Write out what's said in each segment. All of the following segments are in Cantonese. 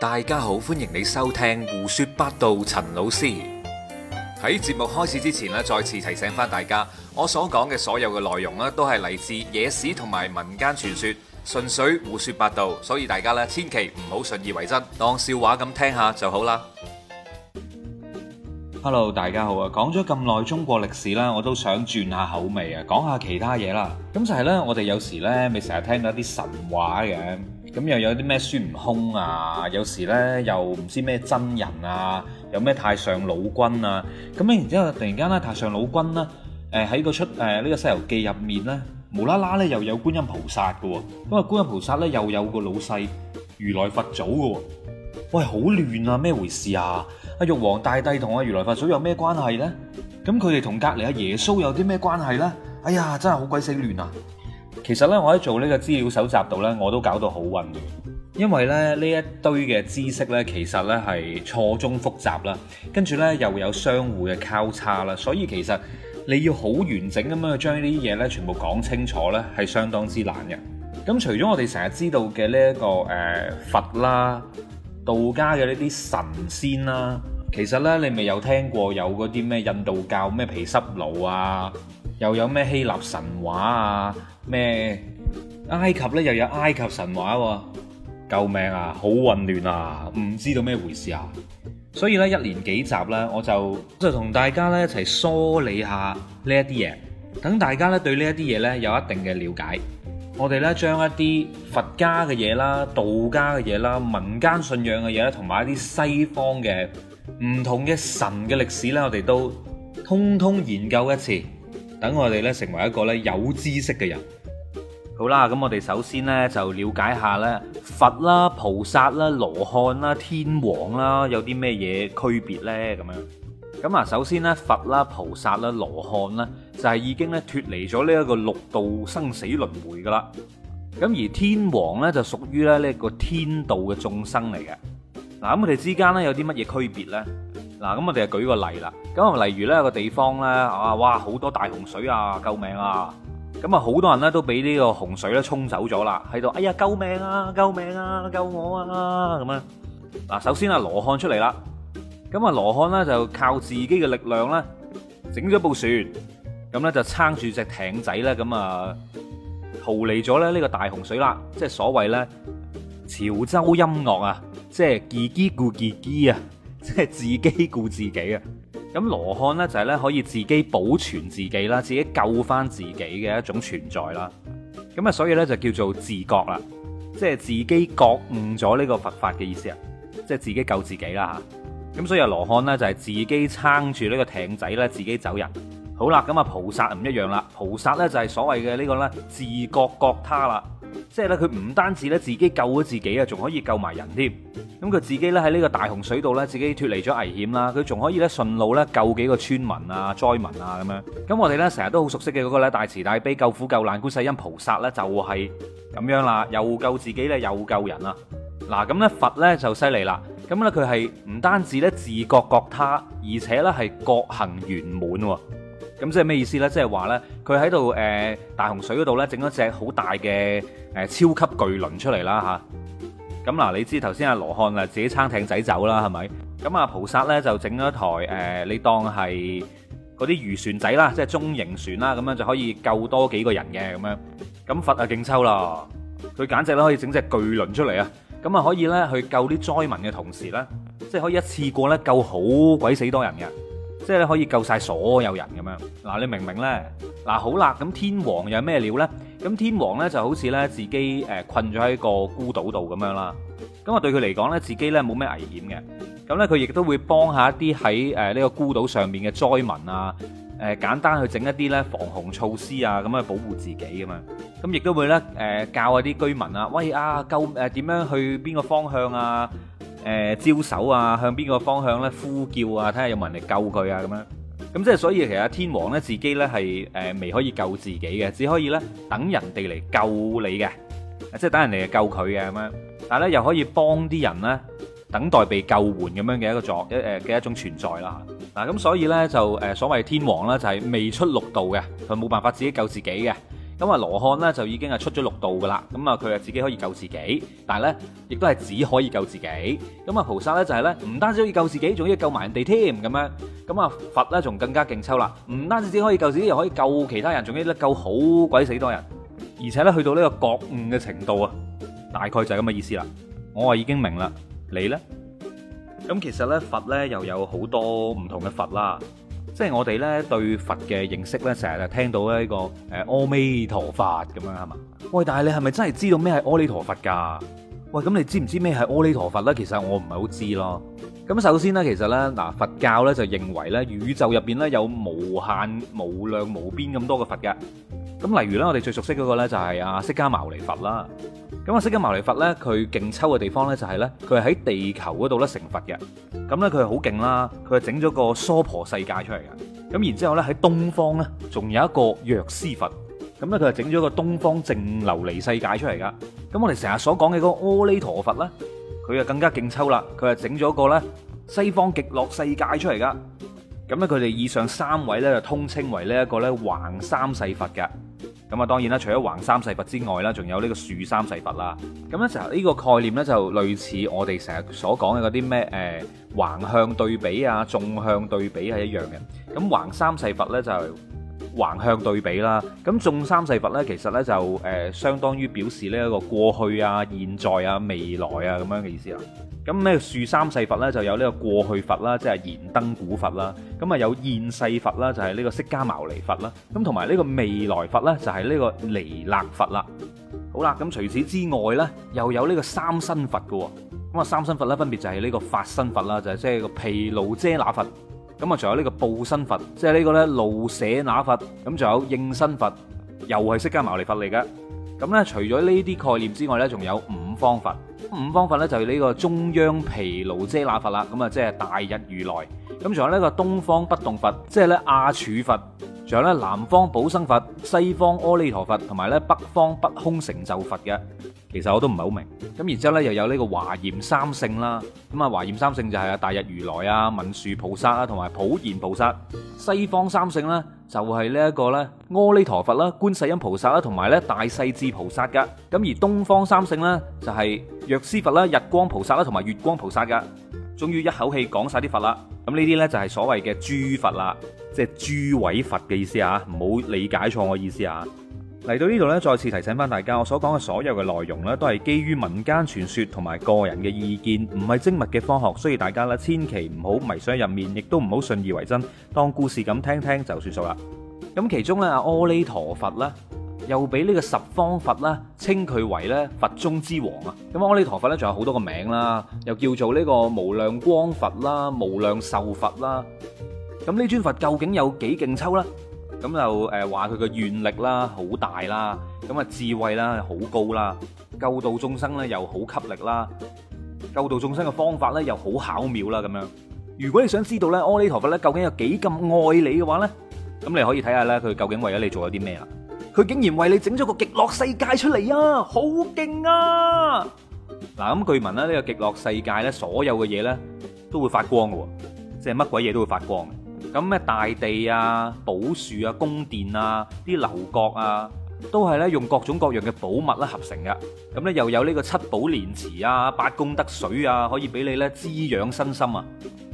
大家好，歡迎你收聽胡說八道。陳老師喺節目開始之前咧，再次提醒翻大家，我所講嘅所有嘅內容咧，都係嚟自野史同埋民間傳說，純粹胡說八道，所以大家咧千祈唔好信以為真，當笑話咁聽下就好啦。Hello，大家好啊！講咗咁耐中國歷史啦，我都想轉下口味啊，講下其他嘢啦。咁就係呢，我哋有時呢咪成日聽到啲神話嘅。咁又有啲咩孫悟空啊？有時咧又唔知咩真人啊，有咩太上老君啊？咁咧然之後突然間咧太上老君咧，誒、呃、喺個出誒、呃這個、呢個《西遊記》入面咧，無啦啦咧又有觀音菩薩嘅喎、哦，咁觀音菩薩咧又有個老細如來佛祖嘅喎、哦，喂好亂啊！咩回事啊？阿玉皇大帝同阿如來佛祖有咩關係咧？咁佢哋同隔離阿耶穌有啲咩關係咧？哎呀，真係好鬼死亂啊！其實咧，我喺做呢個資料搜集度呢，我都搞到好混亂，因為咧呢一堆嘅知識呢，其實咧係錯綜複雜啦，跟住呢又有相互嘅交叉啦，所以其實你要好完整咁樣去將呢啲嘢呢全部講清楚呢，係相當之難嘅。咁除咗我哋成日知道嘅呢一個誒、呃、佛啦、道家嘅呢啲神仙啦，其實呢，你咪有聽過有嗰啲咩印度教咩毗濕奴啊？又有咩希臘神話啊？咩埃及呢？又有埃及神話喎，啊？救命啊！好混亂啊！唔知道咩回事啊？所以呢，一年幾集呢，我就就同大家呢一齊梳理下呢一啲嘢，等大家呢對呢一啲嘢呢有一定嘅了解。我哋呢將一啲佛家嘅嘢啦、道家嘅嘢啦、民間信仰嘅嘢咧，同埋一啲西方嘅唔同嘅神嘅歷史呢，我哋都通通研究一次。等我哋咧成為一個咧有知識嘅人。好啦，咁我哋首先咧就了解下咧佛啦、菩薩啦、羅漢啦、天王啦，有啲咩嘢區別咧？咁樣咁啊，首先咧佛啦、菩薩啦、羅漢啦，就係已經咧脫離咗呢一個六道生死輪迴噶啦。咁而天王咧就屬於咧呢個天道嘅眾生嚟嘅。嗱，咁佢哋之間咧有啲乜嘢區別咧？嗱，咁我哋就舉個例啦。咁啊，例如咧有個地方咧，啊哇，好多大洪水啊，救命啊！咁啊，好多人咧都俾呢個洪水咧沖走咗啦，喺度，哎呀，救命啊，救命啊，救我啊！咁啊，嗱，首先啊，羅漢出嚟啦。咁啊，羅漢咧就靠自己嘅力量咧，整咗部船，咁咧就撐住隻艇仔咧，咁啊逃離咗咧呢個大洪水啦。即係所謂咧潮州音樂啊，即係自己顧自己啊。即係自己顧自己啊。咁羅漢呢，就係呢可以自己保存自己啦，自己救翻自己嘅一種存在啦。咁啊，所以呢，就叫做自覺啦，即係自己覺悟咗呢個佛法嘅意思啊，即係自己救自己啦吓。咁所以啊，羅漢呢就係自己撐住呢個艇仔呢，自己走人。好啦，咁啊菩薩唔一樣啦，菩薩呢、這個，就係所謂嘅呢個呢自覺覺他啦。即係咧，佢唔單止咧自己救咗自己啊，仲可以救埋人添。咁佢自己咧喺呢個大洪水度咧，自己脫離咗危險啦。佢仲可以咧順路咧救幾個村民啊、災民啊咁樣。咁我哋咧成日都好熟悉嘅嗰個咧大慈大悲救苦救難觀世音菩薩呢就係咁樣啦，又救自己咧，又救人啊。嗱，咁呢佛呢就犀利啦。咁咧佢係唔單止咧自覺覺他，而且咧係覺行圓滿。咁即係咩意思咧？即係話咧，佢喺度誒大洪水嗰度咧，整咗隻好大嘅誒超級巨輪出嚟啦嚇！咁嗱，你知頭先阿羅漢啊，自己撐艇仔走啦，係咪？咁啊，菩薩咧就整咗一台誒，你當係嗰啲漁船仔啦，即係中型船啦，咁樣就可以救多幾個人嘅咁樣。咁佛啊勁抽啦，佢簡直咧可以整隻巨輪出嚟啊！咁啊可以咧去救啲災民嘅同時咧，即係可以一次過咧救好鬼死多人嘅。即係咧可以救晒所有人咁樣。嗱，你明唔明呢？嗱，好啦，咁天王有咩料呢？咁天王呢就好似呢自己誒困咗喺個孤島度咁樣啦。咁啊對佢嚟講呢，自己呢冇咩危險嘅。咁呢，佢亦都會幫下一啲喺誒呢個孤島上面嘅災民啊，誒簡單去整一啲呢防洪措施啊，咁去保護自己咁樣。咁亦都會呢誒教下啲居民啊，喂啊救誒點樣去邊個方向啊？誒、呃，招手啊，向邊個方向咧？呼叫啊，睇下有冇人嚟救佢啊？咁樣咁即係，所以其實天王咧自己咧係誒未可以救自己嘅，只可以咧等人哋嚟救你嘅，即係等人哋嚟救佢嘅咁樣。但係咧又可以幫啲人咧等待被救援咁樣嘅一個作一誒嘅一種存在啦。嗱咁所以咧就誒、呃、所謂天王咧就係、是、未出六道嘅，佢冇辦法自己救自己嘅。咁啊，羅漢咧就已經係出咗六道噶啦，咁啊佢係自己可以救自己，但係咧亦都係只可以救自己。咁啊菩薩咧就係咧唔單止可以救自己，仲要救埋人哋添咁樣。咁啊佛咧仲更加勁抽啦，唔單止只可以救自己，又可以救其他人，仲要咧救好鬼死多人。而且咧去到呢個覺悟嘅程度啊，大概就係咁嘅意思啦。我啊已經明啦，你呢？咁其實咧佛咧又有好多唔同嘅佛啦。即係我哋咧對佛嘅認識咧，成日聽到呢個誒阿彌陀佛咁樣係嘛？喂，但係你係咪真係知道咩係阿彌陀佛噶？喂，咁你知唔知咩係阿彌陀佛咧？其實我唔係好知咯。咁首先咧，其實咧嗱，佛教咧就認為咧宇宙入邊咧有無限無量無邊咁多嘅佛嘅。咁例如咧，我哋最熟悉嗰個咧就係阿釋迦牟尼佛啦。咁啊，釋迦牟尼佛咧，佢勁抽嘅地方咧，就是，就係咧，佢係喺地球嗰度咧成佛嘅。咁咧，佢係好勁啦，佢係整咗個娑婆世界出嚟噶。咁然之後咧，喺東方咧，仲有一個藥師佛。咁咧，佢係整咗個東方淨琉璃世界出嚟噶。咁我哋成日所講嘅嗰個阿彌陀佛咧，佢就更加勁抽啦。佢係整咗個咧西方極樂世界出嚟噶。咁咧，佢哋以上三位咧，就通稱為呢一個咧橫三世佛噶。咁啊，當然啦，除咗橫三世佛之外啦，仲有呢個豎三世佛啦。咁咧就呢個概念呢，就類似我哋成日所講嘅嗰啲咩誒橫向對比啊、縱向對比係一樣嘅。咁橫三世佛呢，就是。橫向對比啦，咁眾三世佛咧，其實咧就誒相當於表示呢一個過去啊、現在啊、未來啊咁樣嘅意思啦。咁呢樹三世佛咧就有呢個過去佛啦，即係燃燈古佛啦。咁啊有現世佛啦，就係呢個釋迦牟尼佛啦。咁同埋呢個未來佛咧，就係呢個彌勒佛啦。好啦，咁除此之外咧，又有呢個三身佛㗎喎。咁啊三身佛咧，分別就係呢個法身佛啦，就係即係個毗盧遮那佛。咁啊，仲有呢個報身佛，即係呢個咧盧舍那佛，咁仲有應身佛，又係釋迦牟尼佛嚟嘅。咁咧，除咗呢啲概念之外咧，仲有五方佛。五方佛咧就係呢個中央毗盧遮那佛啦，咁啊即係大日如來。咁仲有呢個東方不動佛，即係咧阿閦佛，仲有咧南方寶生佛、西方阿彌陀佛同埋咧北方不空成就佛嘅。其實我都唔係好明，咁然之後咧又有呢個華嚴三聖啦，咁啊華嚴三聖就係啊大日如來啊文殊、菩薩啊同埋普賢菩薩，西方三聖呢，就係呢一個呢，阿彌陀佛啦觀世音菩薩啦同埋呢大勢至菩薩噶，咁而東方三聖呢，就係藥師佛啦日光菩薩啦同埋月光菩薩噶，終於一口氣講晒啲佛啦，咁呢啲呢，就係所謂嘅諸佛啦，即係諸位佛嘅意思啊，唔好理解錯我意思啊。嚟到呢度咧，再次提醒翻大家，我所講嘅所有嘅內容咧，都係基於民間傳說同埋個人嘅意見，唔係精密嘅科學，所以大家咧千祈唔好迷上入面，亦都唔好信以為真，當故事咁聽聽就算數啦。咁其中咧，阿阿彌陀佛啦，又俾呢個十方佛啦稱佢為咧佛中之王啊。咁阿彌陀佛咧，仲有好多個名啦，又叫做呢個無量光佛啦、無量壽佛啦。咁呢尊佛究竟有幾勁抽呢？咁就誒話佢嘅願力啦，好大啦，咁啊智慧啦，好高啦，救度眾生咧又好吸力啦，救度眾生嘅方法咧又好巧妙啦，咁樣。如果你想知道咧，阿彌陀佛咧究竟有幾咁愛你嘅話咧，咁你可以睇下咧，佢究竟為咗你做咗啲咩啦？佢竟然為你整咗個極樂世界出嚟啊！好勁啊！嗱，咁據聞咧，呢個極樂世界咧，所有嘅嘢咧都會發光嘅，即係乜鬼嘢都會發光。咁咩大地啊、寶樹啊、宮殿啊、啲樓閣啊，都係咧用各種各樣嘅寶物咧合成嘅。咁咧又有呢個七寶蓮池啊、八功德水啊，可以俾你咧滋養身心啊。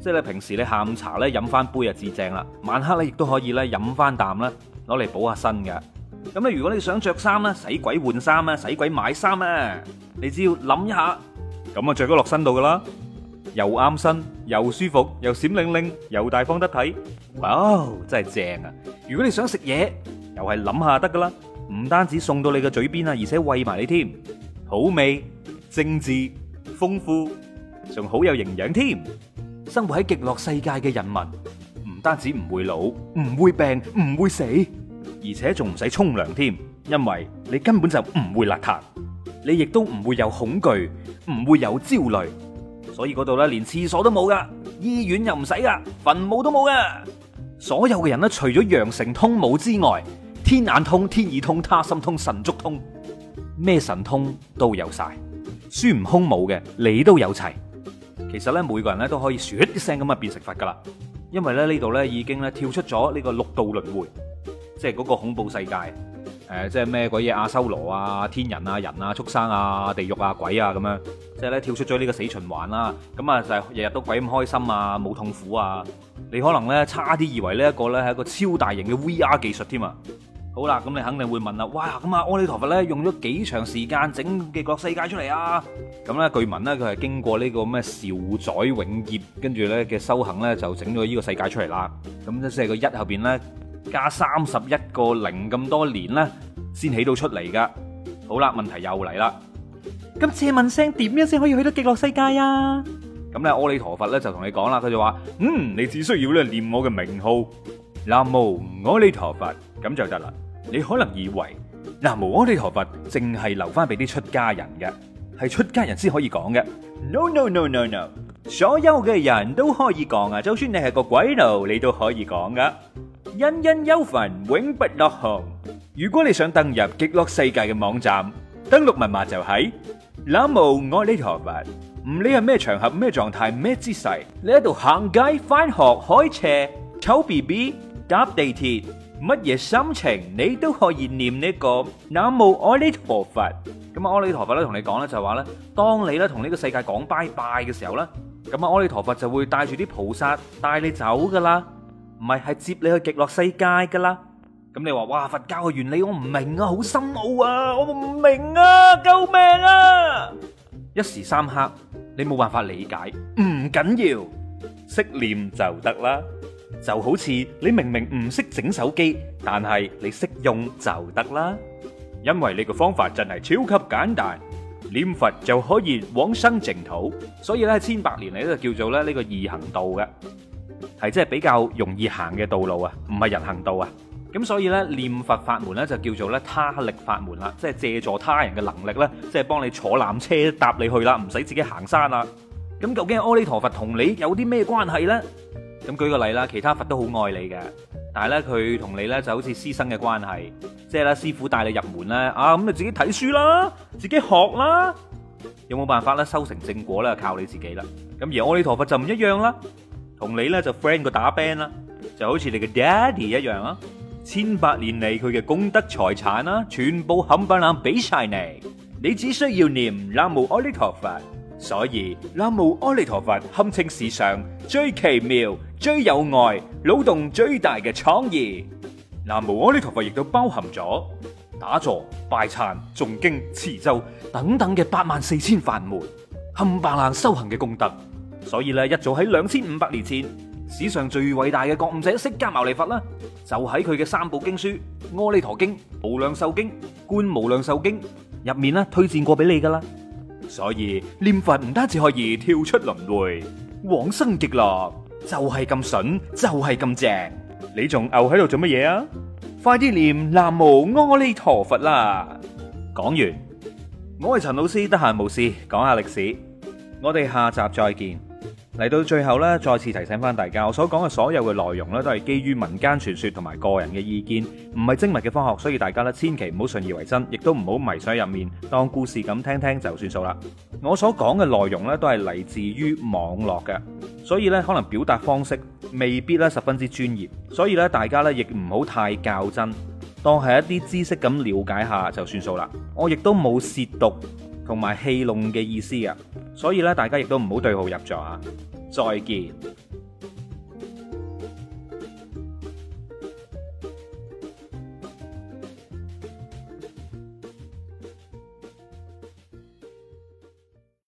即係咧平時你下午茶咧飲翻杯啊至正啦，晚黑咧亦都可以咧飲翻啖啦，攞嚟補下身嘅。咁咧如果你想着衫咧，使鬼換衫啊，使鬼買衫啊，你只要諗一下，咁啊着咗落身度噶啦。又啱身，又舒服，又閃令令，又大方得體，哇！真係正啊！如果你想食嘢，又係諗下得噶啦，唔單止送到你嘅嘴邊啊，而且餵埋你添，好味、精緻、豐富，仲好有營養添。生活喺極樂世界嘅人民，唔單止唔會老，唔會病，唔會死，而且仲唔使沖涼添，因為你根本就唔會邋遢，你亦都唔會有恐懼，唔會有焦慮。所以嗰度咧，連廁所都冇噶，醫院又唔使噶，墳墓都冇噶。所有嘅人咧，除咗羊城通冇之外，天眼通、天耳通、他心通、神足通，咩神通都有晒。孫悟空冇嘅，你都有齊。其實咧，每個人咧都可以咻一聲咁啊，變成佛噶啦，因為咧呢度咧已經咧跳出咗呢個六道輪迴，即係嗰個恐怖世界。誒，即係咩鬼嘢？阿修羅啊、天人啊、人啊、畜生啊、地獄啊、鬼啊咁樣，即係咧跳出咗呢個死循環啦。咁啊，就係日日都鬼咁開心啊，冇痛苦啊。你可能咧差啲以為呢一個咧係一個超大型嘅 VR 技術添啊。好啦，咁你肯定會問啦，哇！咁啊，阿彌陀佛咧用咗幾長時間整嘅個世界出嚟啊？咁咧據聞咧佢係經過呢個咩兆載永劫，跟住咧嘅修行咧就整咗呢個世界出嚟啦。咁即係個一後邊咧。加三十一個零咁多年咧，先起到出嚟噶。好啦，問題又嚟啦。咁借問聲，點樣先可以去到極樂世界啊？咁咧，阿彌陀佛咧就同你講啦，佢就話：嗯，你只需要咧念我嘅名號，南無阿彌陀佛，咁就得啦。你可能以為南無阿彌陀佛淨係留翻俾啲出家人嘅，係出家人先可以講嘅。No no no no no，所有嘅人都可以講啊，就算你係個鬼佬，你都可以講噶。恩恩憂煩永不落紅。如果你想登入極樂世界嘅網站，登錄密碼就係、是、南無阿彌陀佛。唔理係咩場合、咩狀態、咩姿勢，你喺度行街、返學、開車、湊 BB、搭地鐵，乜嘢心情你都可以念呢、這個南無阿彌陀佛。咁阿彌陀佛咧同你講咧就話咧，當你咧同呢個世界講拜拜嘅時候咧，咁阿彌陀佛就會帶住啲菩薩帶你走噶啦。唔係，係接你去極樂世界噶啦。咁你話哇，佛教嘅原理我唔明啊，好深奧啊，我唔明啊，救命啊！一時三刻你冇辦法理解，唔緊要，識念就得啦。就好似你明明唔識整手機，但係你識用就得啦。因為呢個方法真係超級簡單，念佛就可以往生淨土。所以咧，千百年嚟，都叫做咧呢個易行道嘅。係即係比較容易行嘅道路啊，唔係人行道啊。咁所以呢，念佛法門呢，就叫做呢「他力法門」啦，即係借助他人嘅能力呢，即係幫你坐纜車搭你去啦，唔使自己行山啦。咁究竟阿彌陀佛同你有啲咩關係呢？咁舉個例啦，其他佛都好愛你嘅，但係呢，佢同你呢就好似師生嘅關係，即係呢師傅帶你入門呢，啊咁你自己睇書啦，自己學啦，有冇辦法呢？修成正果呢，靠你自己啦。咁而阿彌陀佛就唔一樣啦。同你咧就 friend 個打 Band 啦，就好似你嘅 daddy 一樣啦。千百年嚟，佢嘅功德財產啦，全部冚唪唥俾晒你，你只需要念南無阿彌陀佛。所以南無阿彌陀佛堪稱史上最奇妙、最有愛、腦洞最大嘅創意。南無阿彌陀佛亦都包含咗打坐、拜懺、誦經、持咒等等嘅八萬四千法門，冚唪唥修行嘅功德。所以咧，一早喺兩千五百年前，史上最偉大嘅覺悟者釋迦牟尼佛啦，就喺佢嘅三部經書《阿彌陀經》《無量壽經》《觀無量壽經》入面啦，推薦過俾你噶啦。所以念佛唔單止可以跳出輪回、往生極樂，就係咁筍，就係咁正。你仲牛喺度做乜嘢啊？快啲念南無阿彌陀佛啦！講完，我係陳老師，得閒無事講下歷史，我哋下集再見。嚟到最後呢，再次提醒翻大家，我所講嘅所有嘅內容咧，都係基於民間傳說同埋個人嘅意見，唔係精密嘅科學，所以大家咧，千祈唔好信以為真，亦都唔好迷上入面，當故事咁聽聽就算數啦。我所講嘅內容咧，都係嚟自於網絡嘅，所以咧可能表達方式未必咧十分之專業，所以咧大家咧亦唔好太較真，當係一啲知識咁了解下就算數啦。我亦都冇褻瀆同埋戲弄嘅意思嘅。所以咧，大家亦都唔好對號入座啊！再見。